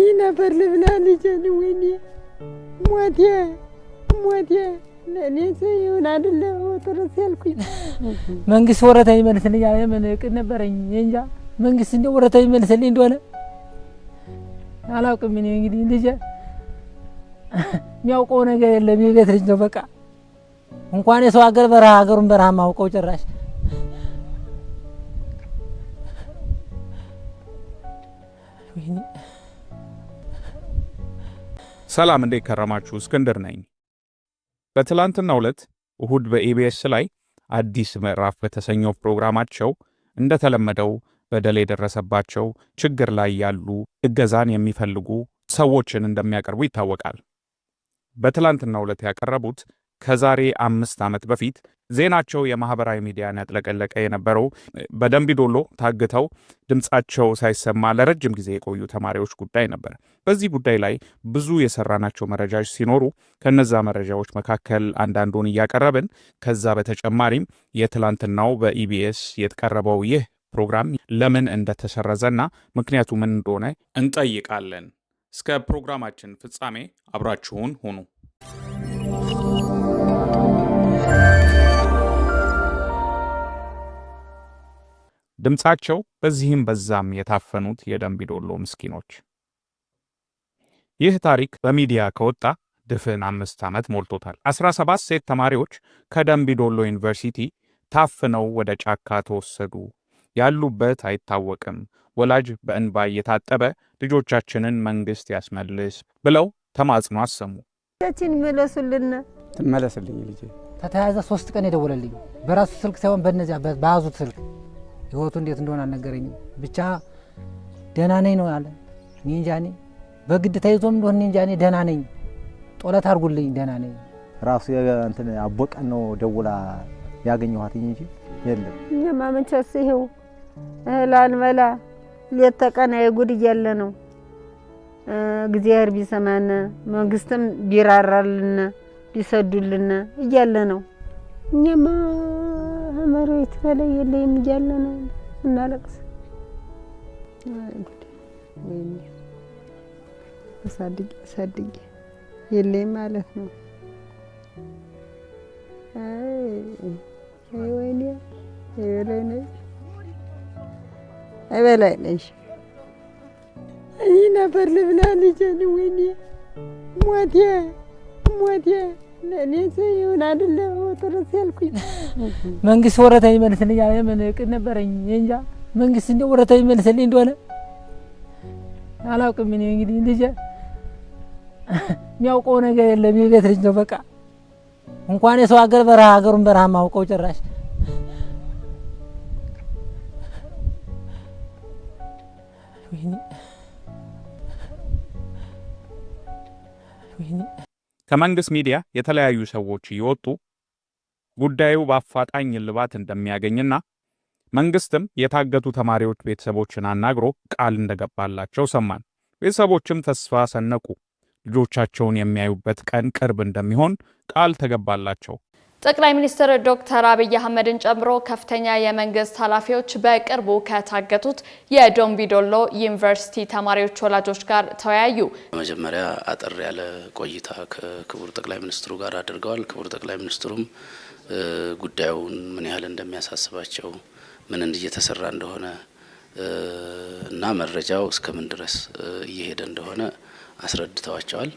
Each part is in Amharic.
ይህ ነበር ልብላ ልጄን ወይኔ ሞቴ ሞቴ ለእኔ ያልኩኝ መንግስት ወረታ ይመልስልኝ አለ። ምን እቅድ ነበረኝ እንጃ። መንግስት እንደ ወረታ ይመልስልኝ እንደሆነ አላውቅም። እኔ እንግዲህ ልጄ የሚያውቀው ነገር የለም። የቤት ልጅ ነው በቃ። እንኳን የሰው ሀገር በረሃ ሀገሩን በረሃ ማውቀው ጭራሽ ሰላም እንዴት ከረማችሁ? እስክንድር ነኝ። በትላንትና ዕለት እሁድ በኢቢኤስ ላይ አዲስ ምዕራፍ በተሰኘው ፕሮግራማቸው እንደተለመደው በደል የደረሰባቸው ችግር ላይ ያሉ እገዛን የሚፈልጉ ሰዎችን እንደሚያቀርቡ ይታወቃል። በትላንትና ዕለት ያቀረቡት ከዛሬ አምስት ዓመት በፊት ዜናቸው የማህበራዊ ሚዲያን ያጥለቀለቀ የነበረው ዶሎ ታግተው ድምፃቸው ሳይሰማ ለረጅም ጊዜ የቆዩ ተማሪዎች ጉዳይ ነበር። በዚህ ጉዳይ ላይ ብዙ የሰራናቸው መረጃዎች ሲኖሩ ከነዛ መረጃዎች መካከል አንዳንዱን እያቀረብን ከዛ በተጨማሪም የትላንትናው በኢቢኤስ የተቀረበው ይህ ፕሮግራም ለምን እንደተሰረዘና ምክንያቱ ምን እንደሆነ እንጠይቃለን። እስከ ፕሮግራማችን ፍጻሜ አብራችሁን ሁኑ። ድምፃቸው በዚህም በዛም የታፈኑት የደንቢዶሎ ምስኪኖች። ይህ ታሪክ በሚዲያ ከወጣ ድፍን አምስት ዓመት ሞልቶታል። 17 ሴት ተማሪዎች ከደንቢዶሎ ዩኒቨርሲቲ ታፍነው ወደ ጫካ ተወሰዱ። ያሉበት አይታወቅም። ወላጅ በእንባ እየታጠበ ልጆቻችንን መንግስት ያስመልስ ብለው ተማጽኖ አሰሙ። ችን መለሱልን ትመለስልኝ ልጄ። ተተያዘ ሶስት ቀን የደወለልኝ በራሱ ስልክ ሳይሆን በነዚያ በያዙት ስልክ ህይወቱ እንዴት እንደሆነ አልነገረኝም። ብቻ ደህና ነኝ ነው ያለ። እኔ እንጃ እኔ በግድ ተይዞም እንደሆነ እኔ እንጃ እኔ ደህና ነኝ፣ ጦለት አድርጉልኝ፣ ደህና ነኝ። ራሱ እንትን አቦቀን ነው ደውላ ያገኘኋት እንጂ የለም። እኛማ መቼስ ይኸው እህል አንበላ ሌት ተቀን ጉድ እያለ ነው። እግዚአብሔር ቢሰማነ መንግስትም ቢራራልን ቢሰዱልን እያለ ነው እኛማ መሬት በላይ የለኝም እያለ ነው እናለቅስ። ወይኔ አሳድጌ አሳድጌ የለኝም ማለት ነው። ወይኔ አይበላይ ነሽ፣ አይበላይ ነሽ። ይህ ነበር ልብላ ልጄን ወይኔ ሞቴ ሞቴ ለኔት ይሁን አይደለ ወጥረት ያልኩኝ መንግስት ወረታ ይመልስልኝ ያለ ምን እቅድ ነበረኝ እንጃ። መንግስት እንደው ወረታ ይመልስልኝ እንደሆነ አላውቅም። እኔ እንግዲህ ልጄ የሚያውቀው ነገር የለም የቤት ልጅ ነው። በቃ እንኳን የሰው ሀገር በረሃ ሀገሩን በረሃ ማውቀው ጭራሽ ወይኔ ወይኔ ከመንግስት ሚዲያ የተለያዩ ሰዎች እየወጡ ጉዳዩ በአፋጣኝ እልባት እንደሚያገኝና መንግስትም የታገቱ ተማሪዎች ቤተሰቦችን አናግሮ ቃል እንደገባላቸው ሰማን። ቤተሰቦችም ተስፋ ሰነቁ። ልጆቻቸውን የሚያዩበት ቀን ቅርብ እንደሚሆን ቃል ተገባላቸው። ጠቅላይ ሚኒስትር ዶክተር አብይ አህመድን ጨምሮ ከፍተኛ የመንግስት ኃላፊዎች በቅርቡ ከታገቱት የዶምቢዶሎ ዩኒቨርሲቲ ተማሪዎች ወላጆች ጋር ተወያዩ። በመጀመሪያ አጠር ያለ ቆይታ ከክቡር ጠቅላይ ሚኒስትሩ ጋር አድርገዋል። ክቡር ጠቅላይ ሚኒስትሩም ጉዳዩን ምን ያህል እንደሚያሳስባቸው፣ ምን እየተሰራ እንደሆነ እና መረጃው እስከምን ድረስ እየሄደ እንደሆነ አስረድተዋቸዋል።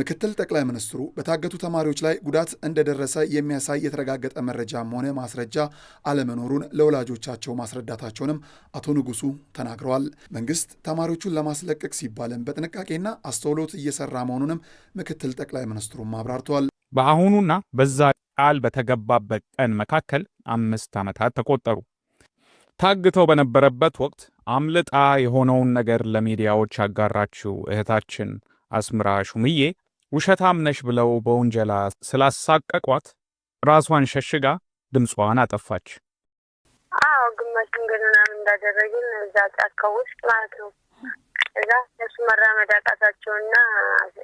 ምክትል ጠቅላይ ሚኒስትሩ በታገቱ ተማሪዎች ላይ ጉዳት እንደደረሰ የሚያሳይ የተረጋገጠ መረጃም ሆነ ማስረጃ አለመኖሩን ለወላጆቻቸው ማስረዳታቸውንም አቶ ንጉሱ ተናግረዋል። መንግስት ተማሪዎቹን ለማስለቀቅ ሲባልም በጥንቃቄና አስተውሎት እየሰራ መሆኑንም ምክትል ጠቅላይ ሚኒስትሩም አብራርተዋል። በአሁኑና በዛ ቃል በተገባበት ቀን መካከል አምስት ዓመታት ተቆጠሩ። ታግተው በነበረበት ወቅት አምልጣ የሆነውን ነገር ለሚዲያዎች ያጋራችው እህታችን አስምራ ሹምዬ ውሸታም ነሽ ብለው በውንጀላ ስላሳቀቋት ራሷን ሸሽጋ ድምጿን አጠፋች። አዎ ግማሹን ገናናም እንዳደረግን እዛ ጫካ ውስጥ ማለት ነው። እዛ እነሱ መራመድ አቃታቸውና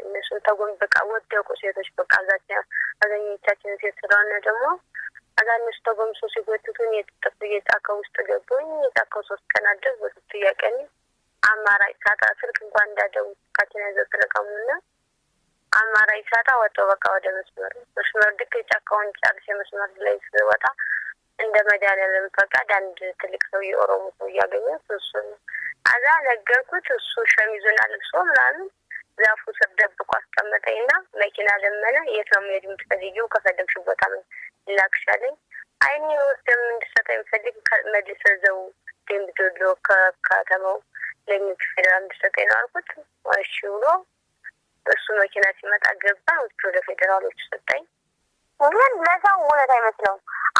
እነሱን ተጎንብቃ ወደቁ ሴቶች በቃ እዛች አገኘቻችን ሴት ስለሆነ ደግሞ አዛ እነሱ ተጎምሶ ሲጎትቱን የጥጥፍ የጫካ ውስጥ ገቡኝ። የጫካው ሶስት ቀን አድር በሶስት እያቀኒ አማራጭ ሳጣ ስልክ እንኳን እንዳደቡ ካችን ያዘ ስለቀሙና አማራ ይሳታ ወጥቶ በቃ ወደ መስመር መስመር ድክ የጫካውን ጨርሼ መስመር ላይ ስወጣ እንደ መድኃኒዓለም ፈቃድ አንድ ትልቅ ሰው የኦሮሞ ሰው እያገኘ እሱ ነው አዛ ነገርኩት። እሱ ሸሚዙን አልብሶ ምናምን ዛፉ ስር ደብቆ አስቀመጠኝ አስቀመጠኝና መኪና ለመነ። የት ነው የምሄድ የምትፈልጊው? ከፈለግሽ ቦታ ላክሻለኝ። አይኔ ወስደ እንድሰጠ የሚፈልግ መልስ ዘው ደምቢ ዶሎ ከከተማው ለሚክ ፌደራል እንድሰጠኝ ነው አልኩት። እሺ ብሎ እሱ መኪና ሲመጣ ገባ ውጭ ወደ ፌዴራሎች ሰጠኝ። ግን ለሰው እውነት አይመስለው።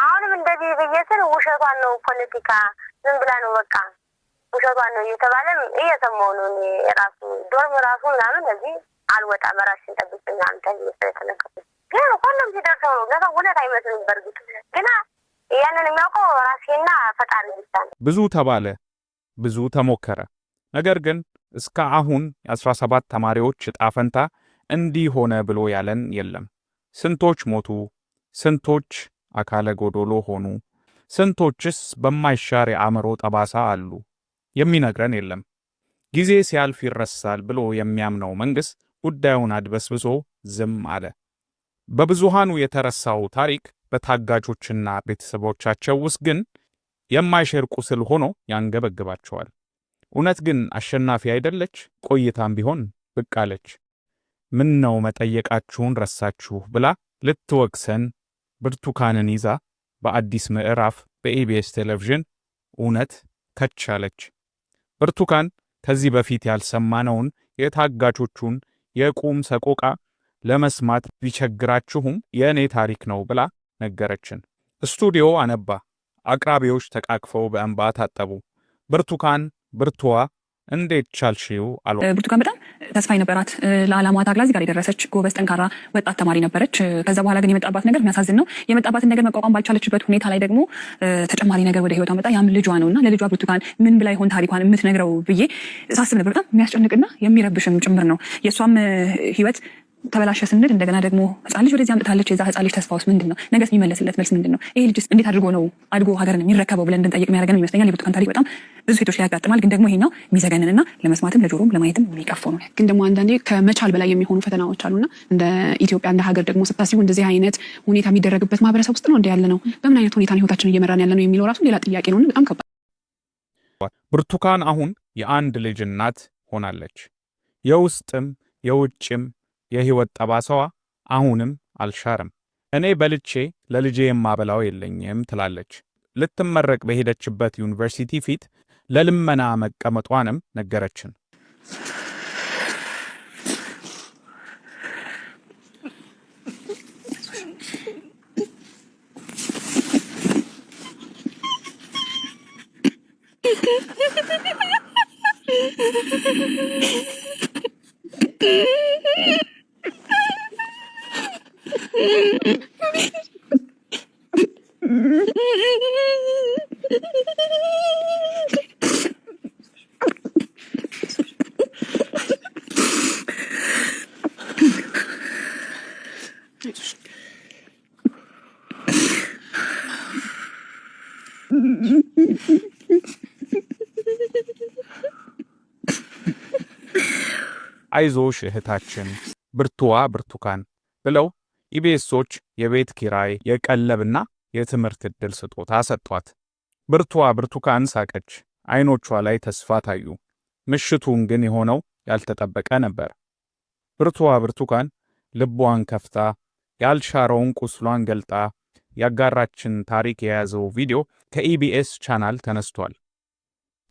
አሁንም እንደዚህ ብየስል ውሸቷን ነው ፖለቲካ ዝም ብላ ነው በቃ ውሸቷን ነው እየተባለም እየሰማሁ ነው እኔ ራሱ ዶርም ራሱ ምናምን እዚህ አልወጣ ራስሽን ጠብቂ ምናምን ተብሎ ስለተነገርኩት ግን ሁሉም ሲደርሰው ነው ለሰው እውነት አይመስልም። በእርግጥ ግና ያንን የሚያውቀው ራሴና ፈጣሪ ብቻ ነው። ብዙ ተባለ፣ ብዙ ተሞከረ፣ ነገር ግን እስከ አሁን የ ሰባት ተማሪዎች ዕጣ ፈንታ እንዲህ ሆነ ብሎ ያለን የለም። ስንቶች ሞቱ? ስንቶች አካለ ጎዶሎ ሆኑ? ስንቶችስ በማይሻር የአእምሮ ጠባሳ አሉ? የሚነግረን የለም። ጊዜ ሲያልፍ ይረሳል ብሎ የሚያምነው መንግሥት ጉዳዩን አድበስብሶ ዝም አለ። በብዙሃኑ የተረሳው ታሪክ በታጋቾችና ቤተሰቦቻቸው ውስጥ ግን የማይሽር ቁስል ሆኖ ያንገበግባቸዋል። እውነት ግን አሸናፊ አይደለች? ቆይታም ቢሆን ብቅ አለች። ምን ነው መጠየቃችሁን ረሳችሁ ብላ ልትወቅሰን ብርቱካንን ይዛ በአዲስ ምዕራፍ በኢቢኤስ ቴሌቪዥን እውነት ከቻለች። ብርቱካን ከዚህ በፊት ያልሰማነውን የታጋቾቹን የቁም ሰቆቃ ለመስማት ቢቸግራችሁም የእኔ ታሪክ ነው ብላ ነገረችን። ስቱዲዮ አነባ፣ አቅራቢዎች ተቃቅፈው በእንባ ታጠቡ። ብርቱካን ብርቱዋ እንዴት ቻልሽው? አሉ ብርቱካን በጣም ተስፋ ነበራት። ለዓላማ ታግላ እዚህ ጋር የደረሰች ጎበዝ፣ ጠንካራ ወጣት ተማሪ ነበረች። ከዛ በኋላ ግን የመጣባት ነገር የሚያሳዝን ነው። የመጣባትን ነገር መቋቋም ባልቻለችበት ሁኔታ ላይ ደግሞ ተጨማሪ ነገር ወደ ህይወቷ መጣ። ያም ልጇ ነው እና ለልጇ ብርቱካን ምን ብላ ይሆን ታሪኳን የምትነግረው ብዬ ሳስብ ነበር። በጣም የሚያስጨንቅና የሚረብሽም ጭምር ነው። የእሷም ህይወት ተበላሸ ስንል እንደገና ደግሞ ህፃን ልጅ ወደዚህ አምጥታለች። የዛ ህፃን ልጅ ተስፋ ውስጥ ምንድን ነው ነገ የሚመለስለት መልስ ምንድን ነው? ይሄ ልጅስ እንዴት አድርጎ ነው አድጎ ሀገርን የሚረከበው ብለን እንድንጠይቅ የሚያደርገን ይመስለኛል። የብርቱካን ታሪክ በጣም ብዙ ሴቶች ላይ ያጋጥማል። ግን ደግሞ የሚዘገንን የሚዘገንንና ለመስማትም ለጆሮም ለማየትም የሚቀፈው ነው። ግን ደግሞ አንዳንዴ ከመቻል በላይ የሚሆኑ ፈተናዎች አሉና እንደ ኢትዮጵያ እንደ ሀገር ደግሞ ስታሲሁ እንደዚህ አይነት ሁኔታ የሚደረግበት ማህበረሰብ ውስጥ ነው እንደ ያለ ነው። በምን አይነት ሁኔታ ህይወታችን እየመራን ያለ ነው የሚለው ራሱ ሌላ ጥያቄ ነው። በጣም ከባድ። ብርቱካን አሁን የአንድ ልጅ እናት ሆናለች። የውስጥም የውጭም የህይወት ጠባሳዋ አሁንም አልሻረም። እኔ በልቼ ለልጄ የማበላው የለኝም ትላለች። ልትመረቅ በሄደችበት ዩኒቨርሲቲ ፊት ለልመና መቀመጧንም ነገረችን። አይዞሽ እህታችን ብርቱዋ ብርቱካን ብለው ኢቤሶች የቤት ኪራይ የቀለብና የትምህርት ዕድል ስጦታ ሰጥቷት ብርቱዋ ብርቱካን ሳቀች። አይኖቿ ላይ ተስፋ ታዩ። ምሽቱን ግን የሆነው ያልተጠበቀ ነበር። ብርቱዋ ብርቱካን ልቧን ከፍታ ያልሻረውን ቁስሏን ገልጣ ያጋራችን ታሪክ የያዘው ቪዲዮ ከኢቢኤስ ቻናል ተነስቷል።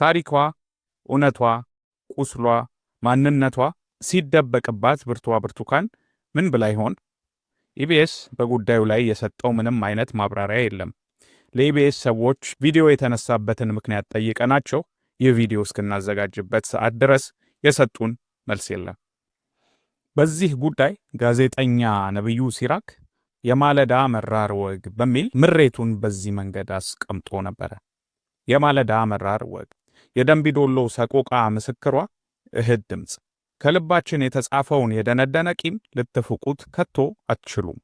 ታሪኳ፣ እውነቷ፣ ቁስሏ፣ ማንነቷ ሲደበቅባት ብርቷ ብርቱካን ምን ብላ ይሆን? ኢቢኤስ በጉዳዩ ላይ የሰጠው ምንም አይነት ማብራሪያ የለም። ለኢቢኤስ ሰዎች ቪዲዮ የተነሳበትን ምክንያት ጠይቀናቸው ይህ ቪዲዮ እስክናዘጋጅበት ሰዓት ድረስ የሰጡን መልስ የለም። በዚህ ጉዳይ ጋዜጠኛ ነብዩ ሲራክ የማለዳ መራር ወግ በሚል ምሬቱን በዚህ መንገድ አስቀምጦ ነበረ። የማለዳ መራር ወግ የደንቢዶሎ ሰቆቃ ምስክሯ እህት ድምፅ ከልባችን የተጻፈውን የደነደነ ቂም ልትፍቁት ከቶ አትችሉም።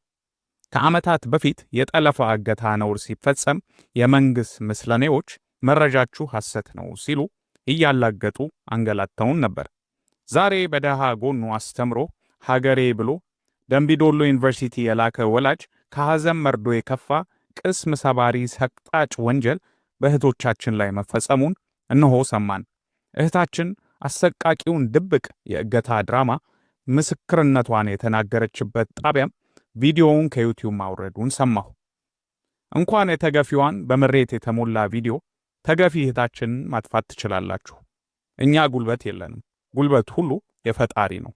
ከዓመታት በፊት የጠለፋ እገታ ነውር ሲፈጸም የመንግሥት ምስለኔዎች መረጃችሁ ሐሰት ነው ሲሉ እያላገጡ አንገላተውን ነበር። ዛሬ በደሃ ጎኑ አስተምሮ ሀገሬ ብሎ ደምቢዶሎ ዩኒቨርሲቲ የላከ ወላጅ ከሐዘን መርዶ የከፋ ቅስም ሰባሪ ሰቅጣጭ ወንጀል በእህቶቻችን ላይ መፈጸሙን እነሆ ሰማን። እህታችን አሰቃቂውን ድብቅ የእገታ ድራማ ምስክርነቷን የተናገረችበት ጣቢያም ቪዲዮውን ከዩቲዩብ ማውረዱን ሰማሁ። እንኳን የተገፊዋን በምሬት የተሞላ ቪዲዮ ተገፊ እህታችንን ማጥፋት ትችላላችሁ። እኛ ጉልበት የለንም። ጉልበት ሁሉ የፈጣሪ ነው።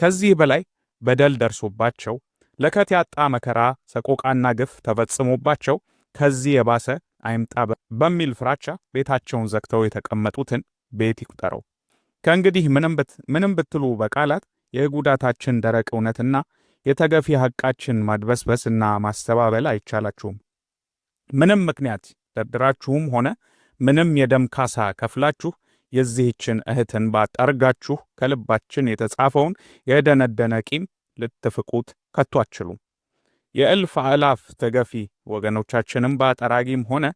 ከዚህ በላይ በደል ደርሶባቸው ለከት ያጣ መከራ፣ ሰቆቃና ግፍ ተፈጽሞባቸው ከዚህ የባሰ አይምጣ በሚል ፍራቻ ቤታቸውን ዘግተው የተቀመጡትን ቤት ይቁጠረው። ከእንግዲህ ምንም ብትሉ በቃላት የጉዳታችን ደረቅ እውነትና የተገፊ ሐቃችን ማድበስበስና ማስተባበል አይቻላችሁም። ምንም ምክንያት ደርድራችሁም ሆነ ምንም የደም ካሳ ከፍላችሁ የዚህችን እህትን ባጠርጋችሁ ከልባችን የተጻፈውን የደነደነ ቂም ልትፍቁት ከቶ የእልፍ አእላፍ ተገፊ ወገኖቻችንም በአጠራጊም ሆነ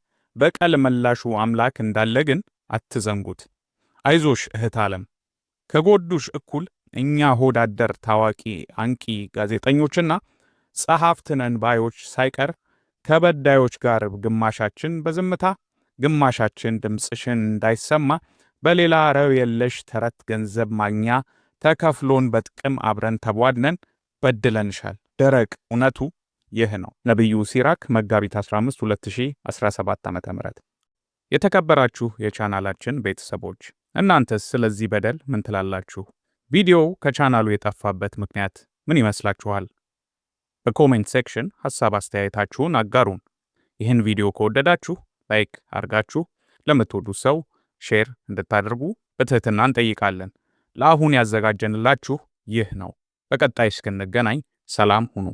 በቀል መላሹ አምላክ እንዳለ ግን አትዘንጉት። አይዞሽ እህት ዓለም ከጎዱሽ እኩል እኛ ሆዳደር ታዋቂ አንቂ ጋዜጠኞችና ጸሐፍትነን ባዮች ሳይቀር ከበዳዮች ጋር ግማሻችን በዝምታ ግማሻችን ድምፅሽን እንዳይሰማ በሌላ ረው የለሽ ተረት ገንዘብ ማግኛ ተከፍሎን በጥቅም አብረን ተቧድነን በድለንሻል። ደረቅ እውነቱ ይህ ነው። ነቢዩ ሲራክ መጋቢት 15 2017 ዓ ም የተከበራችሁ የቻናላችን ቤተሰቦች እናንተስ ስለዚህ በደል ምን ትላላችሁ? ቪዲዮው ከቻናሉ የጠፋበት ምክንያት ምን ይመስላችኋል? በኮሜንት ሴክሽን ሐሳብ አስተያየታችሁን አጋሩን። ይህን ቪዲዮ ከወደዳችሁ ላይክ አርጋችሁ ለምትወዱ ሰው ሼር እንድታደርጉ በትህትና እንጠይቃለን። ለአሁን ያዘጋጀንላችሁ ይህ ነው። በቀጣይ እስክንገናኝ ሰላም ሁኑ።